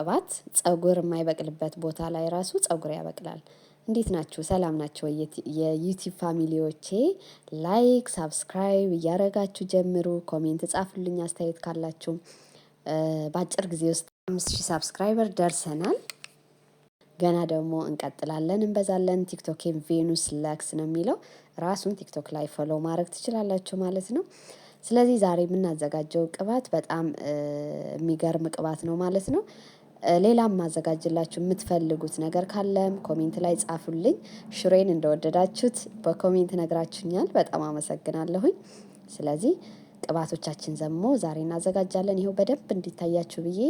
ቅባት ጸጉር የማይበቅልበት ቦታ ላይ ራሱ ጸጉር ያበቅላል። እንዴት ናችሁ? ሰላም ናቸው የዩቲዩብ ፋሚሊዎቼ ላይክ ሳብስክራይብ እያደረጋችሁ ጀምሩ ኮሜንት ጻፉልኝ አስተያየት ካላችሁ። በአጭር ጊዜ ውስጥ አምስት ሺህ ሳብስክራይበር ደርሰናል። ገና ደግሞ እንቀጥላለን እንበዛለን። ቲክቶኬን ቬኑስ ለክስ ነው የሚለው ራሱን ቲክቶክ ላይ ፎሎ ማድረግ ትችላላችሁ ማለት ነው። ስለዚህ ዛሬ የምናዘጋጀው ቅባት በጣም የሚገርም ቅባት ነው ማለት ነው። ሌላም ማዘጋጅላችሁ የምትፈልጉት ነገር ካለም ኮሜንት ላይ ጻፉልኝ። ሽሬን እንደወደዳችሁት በኮሜንት ነግራችሁኛል። በጣም አመሰግናለሁኝ። ስለዚህ ቅባቶቻችን ዘሞ ዛሬ እናዘጋጃለን። ይኸው በደንብ እንዲታያችሁ ብዬ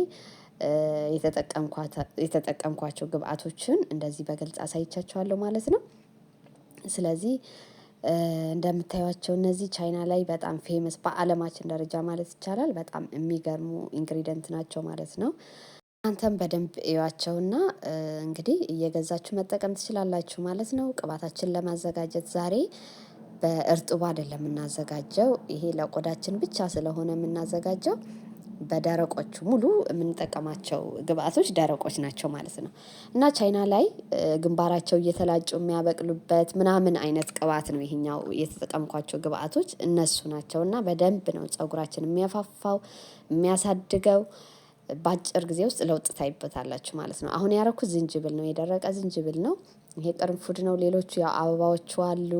የተጠቀምኳቸው ግብአቶችን እንደዚህ በግልጽ አሳይቻችኋለሁ ማለት ነው። ስለዚህ እንደምታዩቸው እነዚህ ቻይና ላይ በጣም ፌመስ በዓለማችን ደረጃ ማለት ይቻላል በጣም የሚገርሙ ኢንግሪደንት ናቸው ማለት ነው። እናንተም በደንብ እዩዋቸውና እንግዲህ እየገዛችሁ መጠቀም ትችላላችሁ ማለት ነው። ቅባታችን ለማዘጋጀት ዛሬ በእርጥቡ አይደለም የምናዘጋጀው ይሄ ለቆዳችን ብቻ ስለሆነ የምናዘጋጀው በደረቆቹ ሙሉ የምንጠቀማቸው ግብአቶች ደረቆች ናቸው ማለት ነው። እና ቻይና ላይ ግንባራቸው እየተላጩ የሚያበቅሉበት ምናምን አይነት ቅባት ነው ይሄኛው የተጠቀምኳቸው ግብአቶች እነሱ ናቸው። እና በደንብ ነው ፀጉራችን የሚያፋፋው የሚያሳድገው በአጭር ጊዜ ውስጥ ለውጥ ታይበታላችሁ ማለት ነው። አሁን ያረኩት ዝንጅብል ነው የደረቀ ዝንጅብል ነው። ይሄ ቅርንፉድ ነው ሌሎቹ ያው አበባዎቹ አሉ።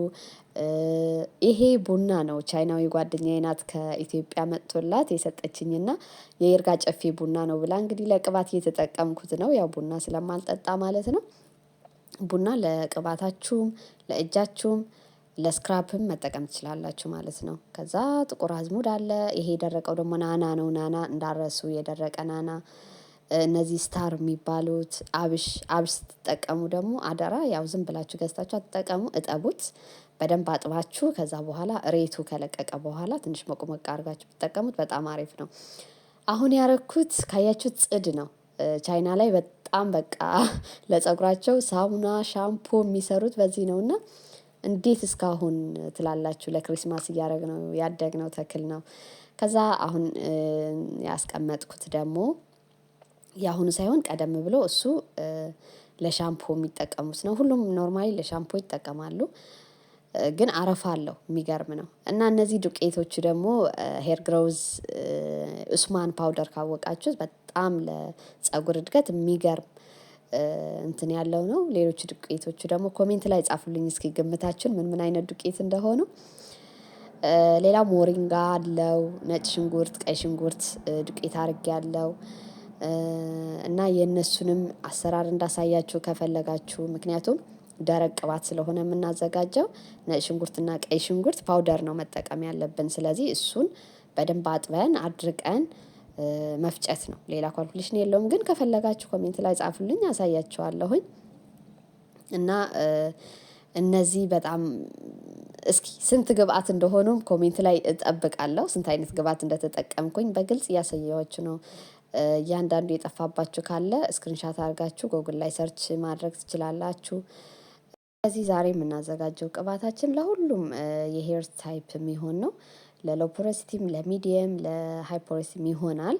ይሄ ቡና ነው ቻይናዊ ጓደኛዬ ናት ከኢትዮጵያ መጥቶላት የሰጠችኝ እና የይርጋ ጨፌ ቡና ነው ብላ እንግዲህ ለቅባት እየተጠቀምኩት ነው ያው ቡና ስለማልጠጣ ማለት ነው። ቡና ለቅባታችሁም ለእጃችሁም ለስክራፕም መጠቀም ትችላላችሁ ማለት ነው። ከዛ ጥቁር አዝሙድ አለ። ይሄ የደረቀው ደግሞ ናና ነው። ናና እንዳረሱ የደረቀ ናና። እነዚህ ስታር የሚባሉት አብሽ አብሽ ስትጠቀሙ ደግሞ አደራ ያው ዝም ብላችሁ ገዝታችሁ አትጠቀሙ። እጠቡት በደንብ አጥባችሁ ከዛ በኋላ እሬቱ ከለቀቀ በኋላ ትንሽ መቁመቅ አድርጋችሁ ብትጠቀሙት በጣም አሪፍ ነው። አሁን ያረኩት ካያችሁት ጽድ ነው። ቻይና ላይ በጣም በቃ ለፀጉራቸው ሳሙና ሻምፖ የሚሰሩት በዚህ ነው እና እንዴት እስካሁን ትላላችሁ? ለክሪስማስ ያደግ ያደግነው ተክል ነው። ከዛ አሁን ያስቀመጥኩት ደግሞ የአሁኑ ሳይሆን ቀደም ብሎ እሱ ለሻምፖ የሚጠቀሙት ነው። ሁሉም ኖርማሊ ለሻምፖ ይጠቀማሉ። ግን አረፋ አለው የሚገርም ነው። እና እነዚህ ዱቄቶቹ ደግሞ ሄር ግሮውዝ ኡስማን ፓውደር ካወቃችሁት በጣም ለፀጉር እድገት የሚገርም እንትን ያለው ነው። ሌሎች ዱቄቶቹ ደግሞ ኮሜንት ላይ ጻፉልኝ እስኪ ግምታችን ምን ምን አይነት ዱቄት እንደሆኑ። ሌላው ሞሪንጋ አለው ነጭ ሽንኩርት ቀይ ሽንኩርት ዱቄት ያለው እና የእነሱንም አሰራር እንዳሳያችሁ ከፈለጋችሁ ምክንያቱም ደረቅ ቅባት ስለሆነ የምናዘጋጀው ነጭ ሽንኩርትና ቀይ ሽንኩርት ፓውደር ነው መጠቀም ያለብን። ስለዚህ እሱን በደንብ አጥበን አድርቀን መፍጨት ነው። ሌላ ኳልኩሌሽን የለውም። ግን ከፈለጋችሁ ኮሜንት ላይ ጻፉልኝ፣ አሳያችኋለሁኝ እና እነዚህ በጣም እስኪ ስንት ግብአት እንደሆኑም ኮሜንት ላይ እጠብቃለሁ። ስንት አይነት ግብአት እንደተጠቀምኩኝ በግልጽ እያሳየዎች ነው። እያንዳንዱ የጠፋባችሁ ካለ እስክሪንሻት አድርጋችሁ ጎግል ላይ ሰርች ማድረግ ትችላላችሁ። ከዚህ ዛሬ የምናዘጋጀው ቅባታችን ለሁሉም የሄር ታይፕ የሚሆን ነው። ለሎፖሮሲቲም ለሚዲየም ለሃይፖሮሲም ይሆናል።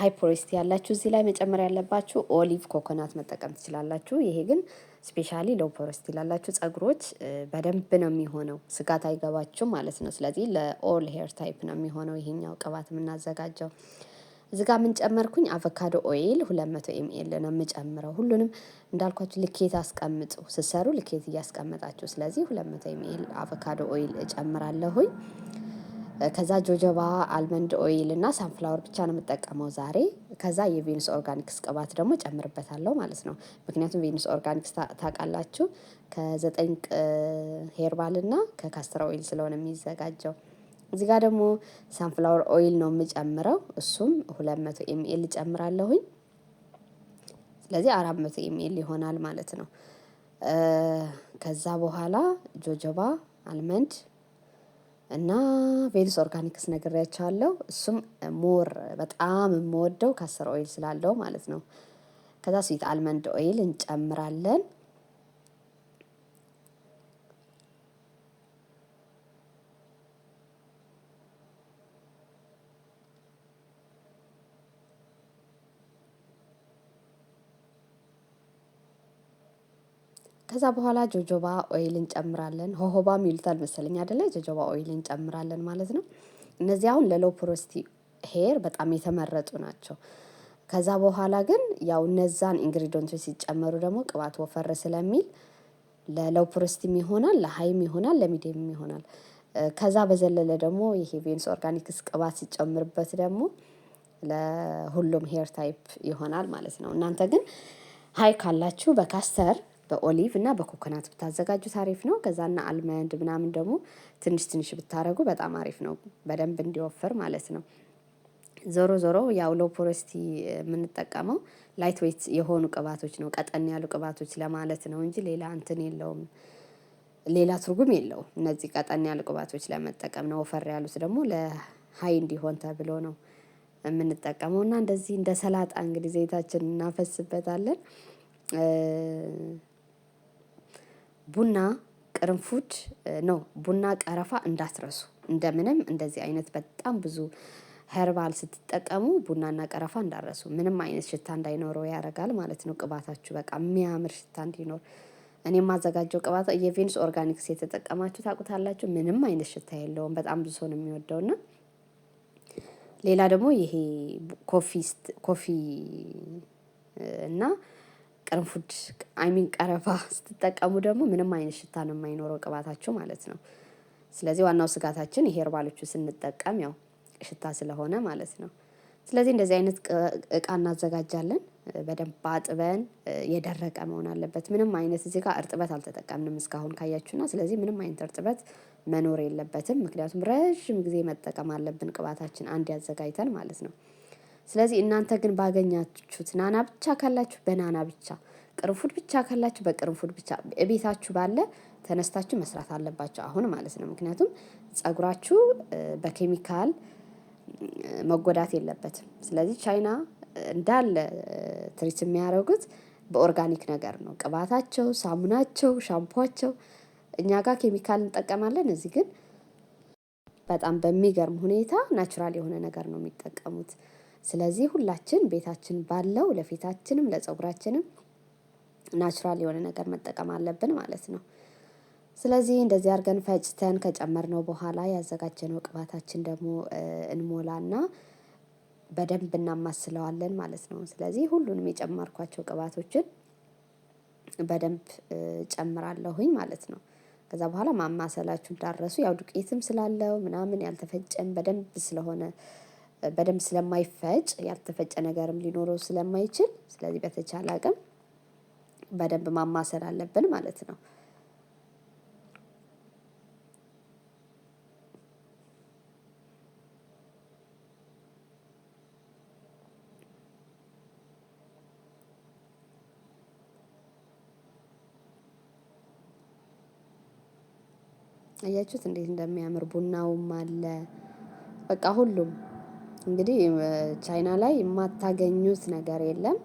ሃይፖሮሲቲ ያላችሁ እዚህ ላይ መጨመር ያለባችሁ ኦሊቭ ኮኮናት መጠቀም ትችላላችሁ። ይሄ ግን ስፔሻሊ ሎፖሮሲቲ ላላችሁ ጸጉሮች በደንብ ነው የሚሆነው፣ ስጋት አይገባችሁ ማለት ነው። ስለዚህ ለኦል ሄር ታይፕ ነው የሚሆነው ይሄኛው ቅባት የምናዘጋጀው። እዚ ጋር ምን ጨመርኩኝ? አቮካዶ ኦይል 200 ኤምኤል ነው የምጨምረው። ሁሉንም እንዳልኳችሁ ልኬት አስቀምጡ ስሰሩ ልኬት እያስቀመጣችሁ። ስለዚህ 200 ኤምኤል አቮካዶ ኦይል እጨምራለሁኝ። ከዛ ጆጆባ አልመንድ ኦይል እና ሳንፍላወር ብቻ ነው የምጠቀመው ዛሬ። ከዛ የቬኑስ ኦርጋኒክስ ቅባት ደግሞ ጨምርበታለሁ ማለት ነው። ምክንያቱም ቬኑስ ኦርጋኒክስ ታውቃላችሁ ከዘጠኝ ሄርባል እና ከካስተር ኦይል ስለሆነ የሚዘጋጀው እዚህ ጋር ደግሞ ሳንፍላወር ኦይል ነው የምጨምረው። እሱም ሁለት መቶ ኤምኤል ጨምራለሁኝ። ስለዚህ አራት መቶ ኤምኤል ይሆናል ማለት ነው። ከዛ በኋላ ጆጆባ አልመንድ እና ቬሉስ ኦርጋኒክስ ነግሬያቸዋለሁ። እሱም ሞር በጣም የምወደው ከስር ኦይል ስላለው ማለት ነው። ከዛ ስዊት አልመንድ ኦይል እንጨምራለን። ከዛ በኋላ ጆጆባ ኦይል እንጨምራለን ሆሆባ የሚሉታል መሰለኝ አደለ? ጆጆባ ኦይል እንጨምራለን ማለት ነው። እነዚህ አሁን ለሎው ፖሮሲቲ ሄር በጣም የተመረጡ ናቸው። ከዛ በኋላ ግን ያው እነዛን ኢንግሪዲየንቶች ሲጨመሩ ደግሞ ቅባት ወፈር ስለሚል ለሎው ፖሮሲቲም ይሆናል፣ ለሀይም ይሆናል፣ ለሚዲየም ይሆናል። ከዛ በዘለለ ደግሞ ይሄ ቬንስ ኦርጋኒክስ ቅባት ሲጨምርበት ደግሞ ለሁሉም ሄር ታይፕ ይሆናል ማለት ነው። እናንተ ግን ሀይ ካላችሁ በካስተር በኦሊቭ እና በኮኮናት ብታዘጋጁት አሪፍ ነው። ከዛና አልመንድ ምናምን ደግሞ ትንሽ ትንሽ ብታደረጉ በጣም አሪፍ ነው፣ በደንብ እንዲወፍር ማለት ነው። ዞሮ ዞሮ ያው ሎ ፖረስቲ የምንጠቀመው ላይት ዌት የሆኑ ቅባቶች ነው፣ ቀጠን ያሉ ቅባቶች ለማለት ነው እንጂ ሌላ እንትን የለውም፣ ሌላ ትርጉም የለውም። እነዚህ ቀጠን ያሉ ቅባቶች ለመጠቀም ነው። ወፈር ያሉት ደግሞ ለሀይ እንዲሆን ተብሎ ነው የምንጠቀመው እና እንደዚህ እንደ ሰላጣ እንግዲህ ዘይታችን እናፈስበታለን። ቡና ቅርንፉድ ነው ቡና ቀረፋ እንዳትረሱ። እንደምንም እንደዚህ አይነት በጣም ብዙ ሄርባል ስትጠቀሙ ቡናና ቀረፋ እንዳረሱ ምንም አይነት ሽታ እንዳይኖረው ያደርጋል ማለት ነው። ቅባታችሁ በቃ የሚያምር ሽታ እንዲኖር እኔ የማዘጋጀው ቅባት የቬንስ ኦርጋኒክስ የተጠቀማችሁ ታውቁታላችሁ ምንም አይነት ሽታ የለውም በጣም ብዙ ሰው ነው የሚወደው። እና ሌላ ደግሞ ይሄ ኮፊ ኮፊ እና ፉድ አይሚን ቀረፋ ስትጠቀሙ ደግሞ ምንም አይነት ሽታ ነው የማይኖረው ቅባታችሁ ማለት ነው። ስለዚህ ዋናው ስጋታችን ይሄ ሄርባሎቹ ስንጠቀም ያው ሽታ ስለሆነ ማለት ነው። ስለዚህ እንደዚህ አይነት እቃ እናዘጋጃለን። በደንብ አጥበን የደረቀ መሆን አለበት። ምንም አይነት እዚህ ጋር እርጥበት አልተጠቀምንም እስካሁን ካያችሁና፣ ስለዚህ ምንም አይነት እርጥበት መኖር የለበትም። ምክንያቱም ረዥም ጊዜ መጠቀም አለብን ቅባታችን አንድ ያዘጋጅተን ማለት ነው። ስለዚህ እናንተ ግን ባገኛችሁት ናና ብቻ ካላችሁ በናና ብቻ፣ ቅርንፉድ ብቻ ካላችሁ በቅርንፉድ ብቻ ቤታችሁ ባለ ተነስታችሁ መስራት አለባቸው አሁን ማለት ነው። ምክንያቱም ጸጉራችሁ በኬሚካል መጎዳት የለበትም። ስለዚህ ቻይና እንዳለ ትሪት የሚያደርጉት በኦርጋኒክ ነገር ነው። ቅባታቸው፣ ሳሙናቸው፣ ሻምፖቸው እኛ ጋር ኬሚካል እንጠቀማለን። እዚህ ግን በጣም በሚገርም ሁኔታ ናቹራል የሆነ ነገር ነው የሚጠቀሙት። ስለዚህ ሁላችን ቤታችን ባለው ለፊታችንም ለፀጉራችንም ናቹራል የሆነ ነገር መጠቀም አለብን ማለት ነው። ስለዚህ እንደዚህ አድርገን ፈጭተን ከጨመርነው በኋላ ያዘጋጀነው ቅባታችን ደግሞ እንሞላና በደንብ እናማስለዋለን ማለት ነው። ስለዚህ ሁሉንም የጨመርኳቸው ቅባቶችን በደንብ ጨምራለሁኝ ማለት ነው። ከዛ በኋላ ማማሰላችሁ እንዳረሱ ያው ዱቄትም ስላለው ምናምን ያልተፈጨም በደንብ ስለሆነ በደንብ ስለማይፈጭ ያልተፈጨ ነገርም ሊኖረው ስለማይችል ስለዚህ በተቻለ አቅም በደንብ ማማሰል አለብን ማለት ነው። አያችሁት እንዴት እንደሚያምር ቡናውም አለ በቃ ሁሉም እንግዲህ ቻይና ላይ የማታገኙት ነገር የለም።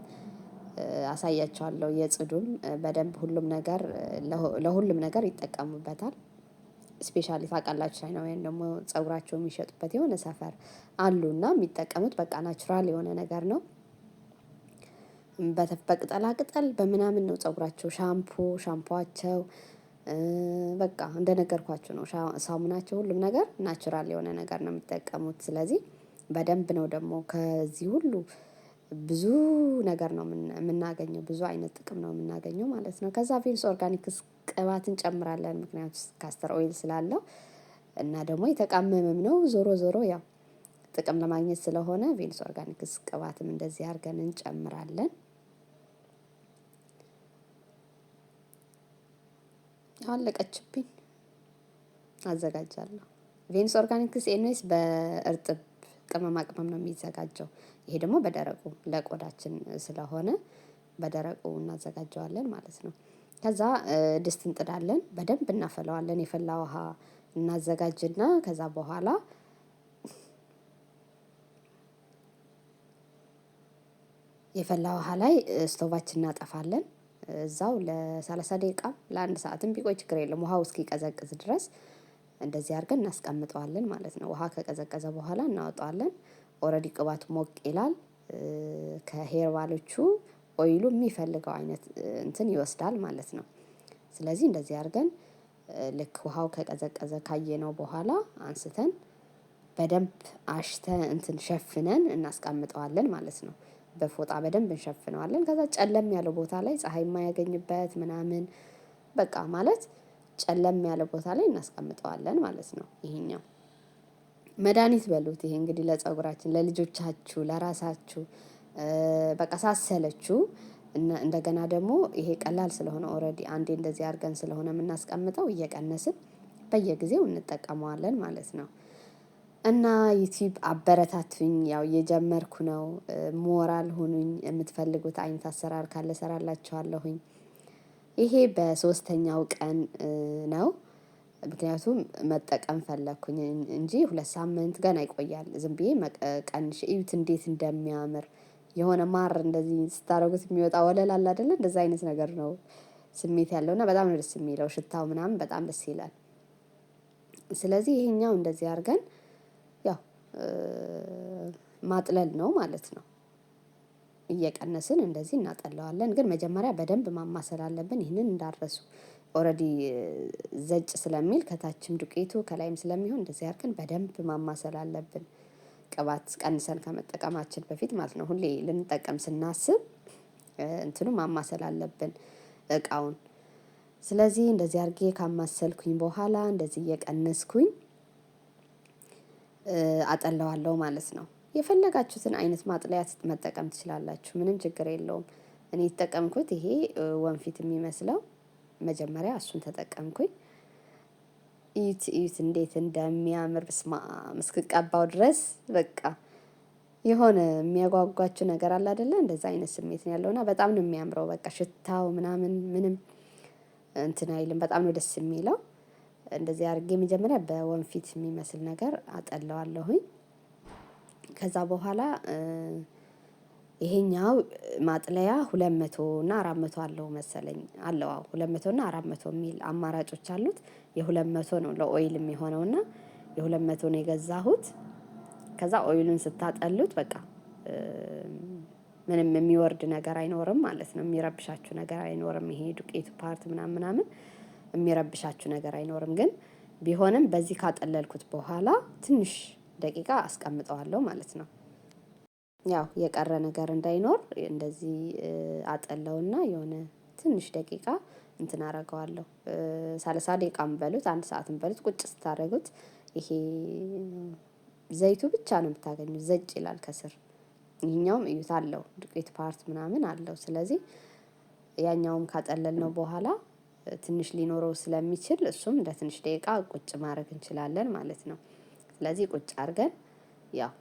አሳያችኋለሁ የጽዱም በደንብ ሁሉም ነገር ለሁሉም ነገር ይጠቀሙበታል። ስፔሻሊ ታውቃላችሁ ቻይናውያን ደግሞ ፀጉራቸው የሚሸጡበት የሆነ ሰፈር እና የሚጠቀሙት በቃ ናቹራል የሆነ ነገር ነው። በቅጠላ ቅጠል በምናምን ነው ፀጉራቸው ሻምፖ ሻምፖቸው በቃ እንደነገርኳቸው ነው ሳሙናቸው ሁሉም ነገር ናቹራል የሆነ ነገር ነው የሚጠቀሙት። ስለዚህ በደንብ ነው ደግሞ ከዚህ ሁሉ ብዙ ነገር ነው የምናገኘው፣ ብዙ አይነት ጥቅም ነው የምናገኘው ማለት ነው። ከዛ ቬንስ ኦርጋኒክስ ቅባት እንጨምራለን፣ ምክንያቱ ካስተር ኦይል ስላለው እና ደግሞ የተቃመመም ነው። ዞሮ ዞሮ ያው ጥቅም ለማግኘት ስለሆነ ቬንስ ኦርጋኒክስ ቅባትም እንደዚህ አድርገን እንጨምራለን። አለቀችብኝ። አዘጋጃለሁ። ቬንስ ኦርጋኒክስ ኤንስ በእርጥብ ቅመማ ቅመም ነው የሚዘጋጀው። ይሄ ደግሞ በደረቁ ለቆዳችን ስለሆነ በደረቁ እናዘጋጀዋለን ማለት ነው። ከዛ ድስት እንጥዳለን በደንብ እናፈላዋለን የፈላ ውሃ እናዘጋጅና ከዛ በኋላ የፈላ ውሃ ላይ ስቶቫችን እናጠፋለን እዛው ለሰላሳ ደቂቃ ለአንድ ሰዓትም ቢቆይ ችግር የለም ውሃው እስኪቀዘቅዝ ድረስ እንደዚህ አድርገን እናስቀምጠዋለን ማለት ነው። ውሃ ከቀዘቀዘ በኋላ እናወጣዋለን። ኦረዲ ቅባት ሞቅ ይላል። ከሄርባሎቹ ኦይሉ የሚፈልገው አይነት እንትን ይወስዳል ማለት ነው። ስለዚህ እንደዚህ አድርገን ልክ ውሃው ከቀዘቀዘ ካየነው በኋላ አንስተን በደንብ አሽተን እንትን ሸፍነን እናስቀምጠዋለን ማለት ነው። በፎጣ በደንብ እንሸፍነዋለን ከዛ ጨለም ያለው ቦታ ላይ ፀሀይ የማያገኝበት ምናምን በቃ ማለት ጨለም ያለ ቦታ ላይ እናስቀምጠዋለን ማለት ነው። ይሄኛው መድኃኒት በሉት። ይሄ እንግዲህ ለጸጉራችን፣ ለልጆቻችሁ፣ ለራሳችሁ በቃ ሳሰለችሁ እንደገና ደግሞ ይሄ ቀላል ስለሆነ ኦልሬዲ አንዴ እንደዚህ አድርገን ስለሆነ የምናስቀምጠው እየቀነስን በየጊዜው እንጠቀመዋለን ማለት ነው። እና ዩቲዩብ አበረታቱኝ። ያው እየጀመርኩ ነው። ሞራል ሁኑኝ። የምትፈልጉት አይነት አሰራር ካለ ሰራላችኋለሁኝ። ይሄ በሶስተኛው ቀን ነው። ምክንያቱም መጠቀም ፈለግኩኝ እንጂ ሁለት ሳምንት ገና ይቆያል። ዝም ብዬ ቀንሽ እዩት እንዴት እንደሚያምር የሆነ ማር እንደዚህ ስታደርጉት የሚወጣ ወለል አለ አይደለ እንደዚ አይነት ነገር ነው። ስሜት ያለው በጣም ነው ደስ የሚለው ሽታው ምናምን በጣም ደስ ይላል። ስለዚህ ይሄኛው እንደዚህ አድርገን ያው ማጥለል ነው ማለት ነው እየቀነስን እንደዚህ እናጠለዋለን። ግን መጀመሪያ በደንብ ማማሰል አለብን። ይህንን እንዳረሱ ኦልሬዲ ዘጭ ስለሚል ከታችም ዱቄቱ ከላይም ስለሚሆን እንደዚህ አድርገን በደንብ ማማሰል አለብን። ቅባት ቀንሰን ከመጠቀማችን በፊት ማለት ነው። ሁሌ ልንጠቀም ስናስብ እንትኑ ማማሰል አለብን እቃውን። ስለዚህ እንደዚህ አድርጌ ካማሰልኩኝ በኋላ እንደዚህ እየቀነስኩኝ አጠለዋለሁ ማለት ነው። የፈለጋችሁትን አይነት ማጥለያ መጠቀም ትችላላችሁ። ምንም ችግር የለውም። እኔ የተጠቀምኩት ይሄ ወንፊት የሚመስለው መጀመሪያ እሱን ተጠቀምኩኝ። እዩት እዩት እንዴት እንደሚያምር ስማ፣ እስክቀባው ድረስ በቃ የሆነ የሚያጓጓችሁ ነገር አለ አደለ? እንደዛ አይነት ስሜት ነው ያለውና በጣም ነው የሚያምረው። በቃ ሽታው ምናምን ምንም እንትን አይልም። በጣም ነው ደስ የሚለው። እንደዚህ አድርጌ መጀመሪያ በወንፊት የሚመስል ነገር አጠለዋለሁኝ ከዛ በኋላ ይሄኛው ማጥለያ ሁለት መቶ እና አራት መቶ አለው መሰለኝ አለው። አዎ ሁለት መቶ እና አራት መቶ የሚል አማራጮች አሉት። የሁለት መቶ ነው ለኦይል የሚሆነው እና የሁለት መቶ ነው የገዛሁት። ከዛ ኦይሉን ስታጠሉት በቃ ምንም የሚወርድ ነገር አይኖርም ማለት ነው። የሚረብሻችሁ ነገር አይኖርም። ይሄ ዱቄቱ ፓርት ምናምን ምናምን የሚረብሻችሁ ነገር አይኖርም። ግን ቢሆንም በዚህ ካጠለልኩት በኋላ ትንሽ ደቂቃ አስቀምጠዋለሁ ማለት ነው። ያው የቀረ ነገር እንዳይኖር እንደዚህ አጠለውና የሆነ ትንሽ ደቂቃ እንትን አደርገዋለሁ ሰላሳ ደቂቃ በሉት አንድ ሰዓትም ምበሉት ቁጭ ስታደረጉት ይሄ ዘይቱ ብቻ ነው የምታገኙት ዘጭ ይላል ከስር ይህኛውም እዩት አለው ዱቄት ፓርት ምናምን አለው ስለዚህ ያኛውም ነው በኋላ ትንሽ ሊኖረው ስለሚችል እሱም ለትንሽ ደቂቃ ቁጭ ማድረግ እንችላለን ማለት ነው ስለዚህ ቁጭ አድርገን ያው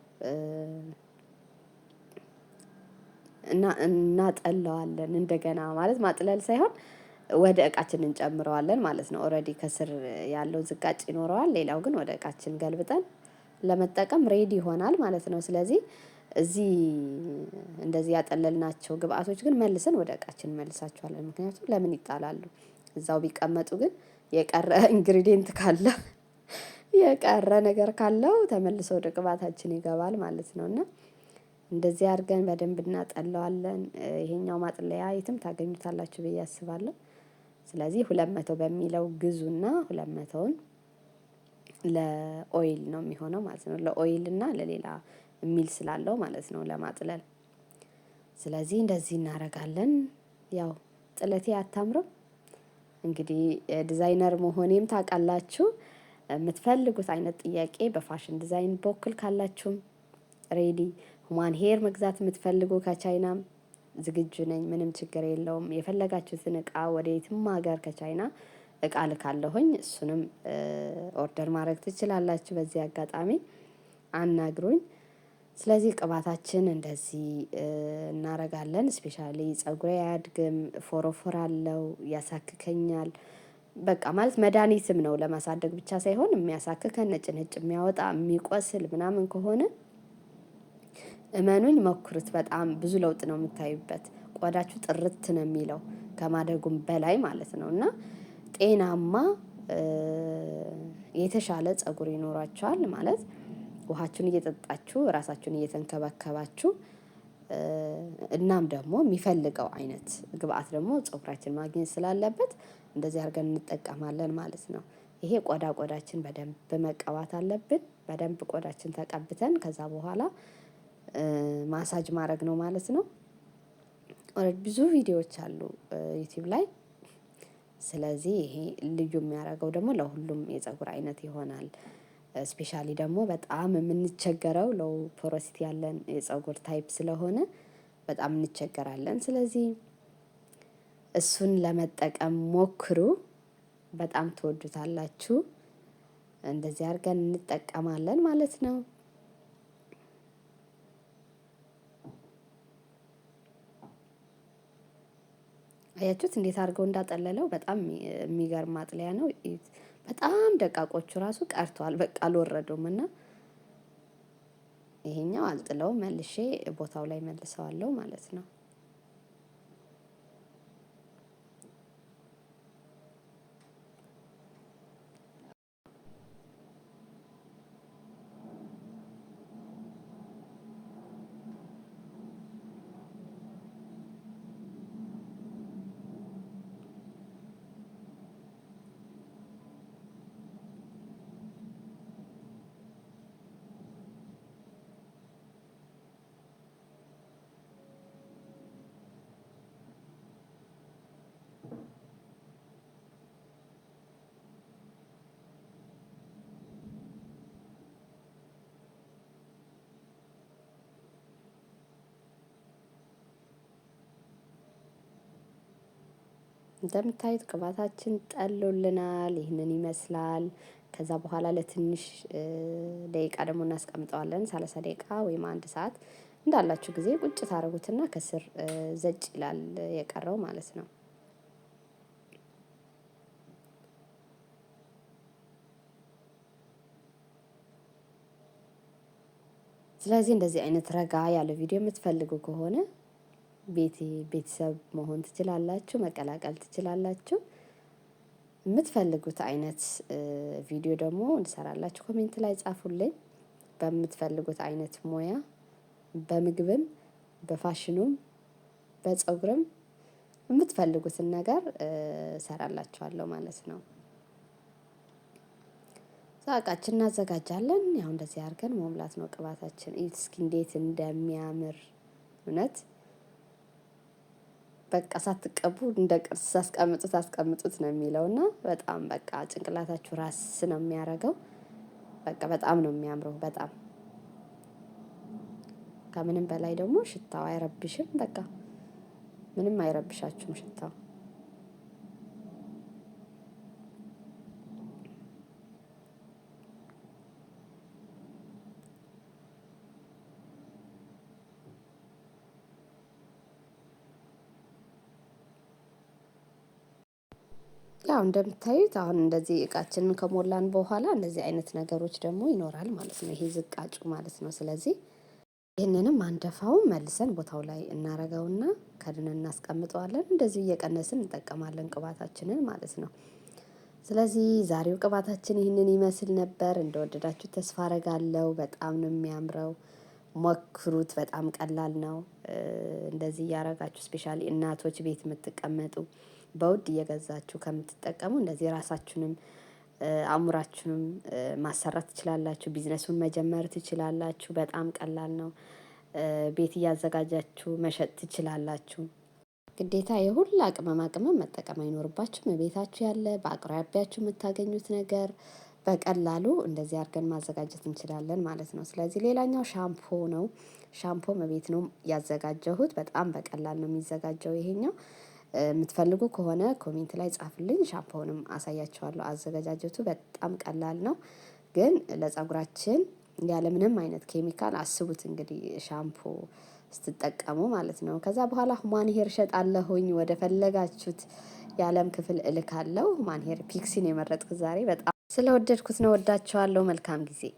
እና እናጠለዋለን እንደገና ማለት ማጥለል ሳይሆን ወደ እቃችን እንጨምረዋለን ማለት ነው። ኦልሬዲ ከስር ያለው ዝቃጭ ይኖረዋል። ሌላው ግን ወደ እቃችን ገልብጠን ለመጠቀም ሬዲ ይሆናል ማለት ነው። ስለዚህ እዚህ እንደዚህ ያጠለልናቸው ግብአቶች ግን መልሰን ወደ እቃችን እንመልሳቸዋለን። ምክንያቱም ለምን ይጣላሉ? እዛው ቢቀመጡ ግን የቀረ ኢንግሪዲየንት ካለ የቀረ ነገር ካለው ተመልሶ ወደ ቅባታችን ይገባል ማለት ነው። እና እንደዚህ አድርገን በደንብ እናጠለዋለን ይሄኛው ማጥለያ የትም ታገኙታላችሁ ብዬ አስባለሁ። ስለዚህ ሁለት መቶ በሚለው ግዙና ሁለት መቶውን ለኦይል ነው የሚሆነው ማለት ነው። ለኦይል እና ለሌላ የሚል ስላለው ማለት ነው ለማጥለል ስለዚህ እንደዚህ እናደርጋለን። ያው ጥለቴ አታምርም። እንግዲህ ዲዛይነር መሆኔም ታውቃላችሁ የምትፈልጉት አይነት ጥያቄ በፋሽን ዲዛይን በኩል ካላችሁም ሬዲ ሁማን ሄር መግዛት የምትፈልጉ ከቻይና ዝግጁ ነኝ። ምንም ችግር የለውም። የፈለጋችሁትን እቃ ወደ የትም ሀገር ከቻይና እቃ ልካለሁኝ። እሱንም ኦርደር ማድረግ ትችላላችሁ። በዚህ አጋጣሚ አናግሩኝ። ስለዚህ ቅባታችን እንደዚህ እናረጋለን። ስፔሻሊ ጸጉሬ አያድግም፣ ፎረፎር አለው፣ ያሳክከኛል። በቃ ማለት መድኃኒትም ነው ለማሳደግ ብቻ ሳይሆን የሚያሳክከን ነጭ ነጭ የሚያወጣ የሚቆስል ምናምን ከሆነ እመኑኝ ሞክሩት። በጣም ብዙ ለውጥ ነው የምታዩበት። ቆዳችሁ ጥርት ነው የሚለው ከማደጉም በላይ ማለት ነው። እና ጤናማ የተሻለ ጸጉር ይኖራቸዋል ማለት ውሃችሁን እየጠጣችሁ ራሳችሁን እየተንከባከባችሁ እናም ደግሞ የሚፈልገው አይነት ግብአት ደግሞ ጸጉራችን ማግኘት ስላለበት እንደዚህ አድርገን እንጠቀማለን ማለት ነው። ይሄ ቆዳ ቆዳችን በደንብ መቀባት አለብን። በደንብ ቆዳችን ተቀብተን ከዛ በኋላ ማሳጅ ማድረግ ነው ማለት ነው። ኦልሬዲ ብዙ ቪዲዮዎች አሉ ዩቲዩብ ላይ። ስለዚህ ይሄ ልዩ የሚያደርገው ደግሞ ለሁሉም የፀጉር አይነት ይሆናል። ስፔሻሊ ደግሞ በጣም የምንቸገረው ለው ፖሮሲቲ ያለን የፀጉር ታይፕ ስለሆነ በጣም እንቸገራለን። ስለዚህ እሱን ለመጠቀም ሞክሩ። በጣም ትወዱታላችሁ። እንደዚህ አድርገን እንጠቀማለን ማለት ነው። አያችሁት እንዴት አድርገው እንዳጠለለው። በጣም የሚገርም ማጥለያ ነው። በጣም ደቃቆቹ ራሱ ቀርተዋል፣ በቃ አልወረዱም እና ይሄኛው አልጥለው መልሼ ቦታው ላይ መልሰዋለሁ ማለት ነው። እንደምታዩት ቅባታችን ጠሎልናል። ይህንን ይመስላል። ከዛ በኋላ ለትንሽ ደቂቃ ደግሞ እናስቀምጠዋለን። ሰላሳ ደቂቃ ወይም አንድ ሰዓት እንዳላችሁ ጊዜ ቁጭ ታደረጉትና ከስር ዘጭ ይላል የቀረው ማለት ነው። ስለዚህ እንደዚህ አይነት ረጋ ያለ ቪዲዮ የምትፈልጉ ከሆነ ቤቴ ቤተሰብ መሆን ትችላላችሁ መቀላቀል ትችላላችሁ። የምትፈልጉት አይነት ቪዲዮ ደግሞ እንሰራላችሁ። ኮሜንት ላይ ጻፉልኝ። በምትፈልጉት አይነት ሙያ በምግብም በፋሽኑም በፀጉርም የምትፈልጉትን ነገር እሰራላችኋለሁ ማለት ነው። እቃችን እናዘጋጃለን ያው እንደዚህ አድርገን መሙላት ነው ቅባታችን እስኪ እንዴት እንደሚያምር እውነት በቃ ሳትቀቡ እንደ ቅርስ ሳስቀምጡት አስቀምጡት ነው የሚለው እና በጣም በቃ ጭንቅላታችሁ ራስ ነው የሚያደርገው። በቃ በጣም ነው የሚያምረው በጣም ከምንም በላይ ደግሞ ሽታው አይረብሽም። በቃ ምንም አይረብሻችሁም ሽታው ያው እንደምታዩት አሁን እንደዚህ እቃችንን ከሞላን በኋላ እንደዚህ አይነት ነገሮች ደግሞ ይኖራል ማለት ነው። ይሄ ዝቃጩ ማለት ነው። ስለዚህ ይህንንም አንደፋው መልሰን ቦታው ላይ እናረገውና ከድን እናስቀምጠዋለን። እንደዚህ እየቀነስን እንጠቀማለን ቅባታችንን ማለት ነው። ስለዚህ ዛሬው ቅባታችን ይህንን ይመስል ነበር። እንደወደዳችሁ ተስፋ አረጋለሁ። በጣም ነው የሚያምረው። ሞክሩት። በጣም ቀላል ነው። እንደዚህ እያረጋችሁ ስፔሻሊ እናቶች ቤት የምትቀመጡ በውድ እየገዛችሁ ከምትጠቀሙ እንደዚህ ራሳችሁንም አእምራችሁንም ማሰራት ትችላላችሁ። ቢዝነሱን መጀመር ትችላላችሁ። በጣም ቀላል ነው። ቤት እያዘጋጃችሁ መሸጥ ትችላላችሁ። ግዴታ የሁላ ቅመማ ቅመም መጠቀም አይኖርባችሁም። ቤታችሁ ያለ በአቅራቢያችሁ የምታገኙት ነገር በቀላሉ እንደዚህ አድርገን ማዘጋጀት እንችላለን ማለት ነው። ስለዚህ ሌላኛው ሻምፖ ነው። ሻምፖ መቤት ነው ያዘጋጀሁት በጣም በቀላል ነው የሚዘጋጀው ይሄኛው የምትፈልጉ ከሆነ ኮሜንት ላይ ጻፍልኝ። ሻምፖውንም አሳያቸዋለሁ። አዘገጃጀቱ በጣም ቀላል ነው፣ ግን ለጸጉራችን ያለምንም አይነት ኬሚካል አስቡት እንግዲህ ሻምፖ ስትጠቀሙ ማለት ነው። ከዛ በኋላ ሁማን ሄር አለሁኝ ወደ ፈለጋችሁት የዓለም ክፍል እልካለሁ። ሁማን ሄር ፒክሲን የመረጥኩት ዛሬ በጣም ስለወደድኩት ነው። ወዳቸዋለሁ። መልካም ጊዜ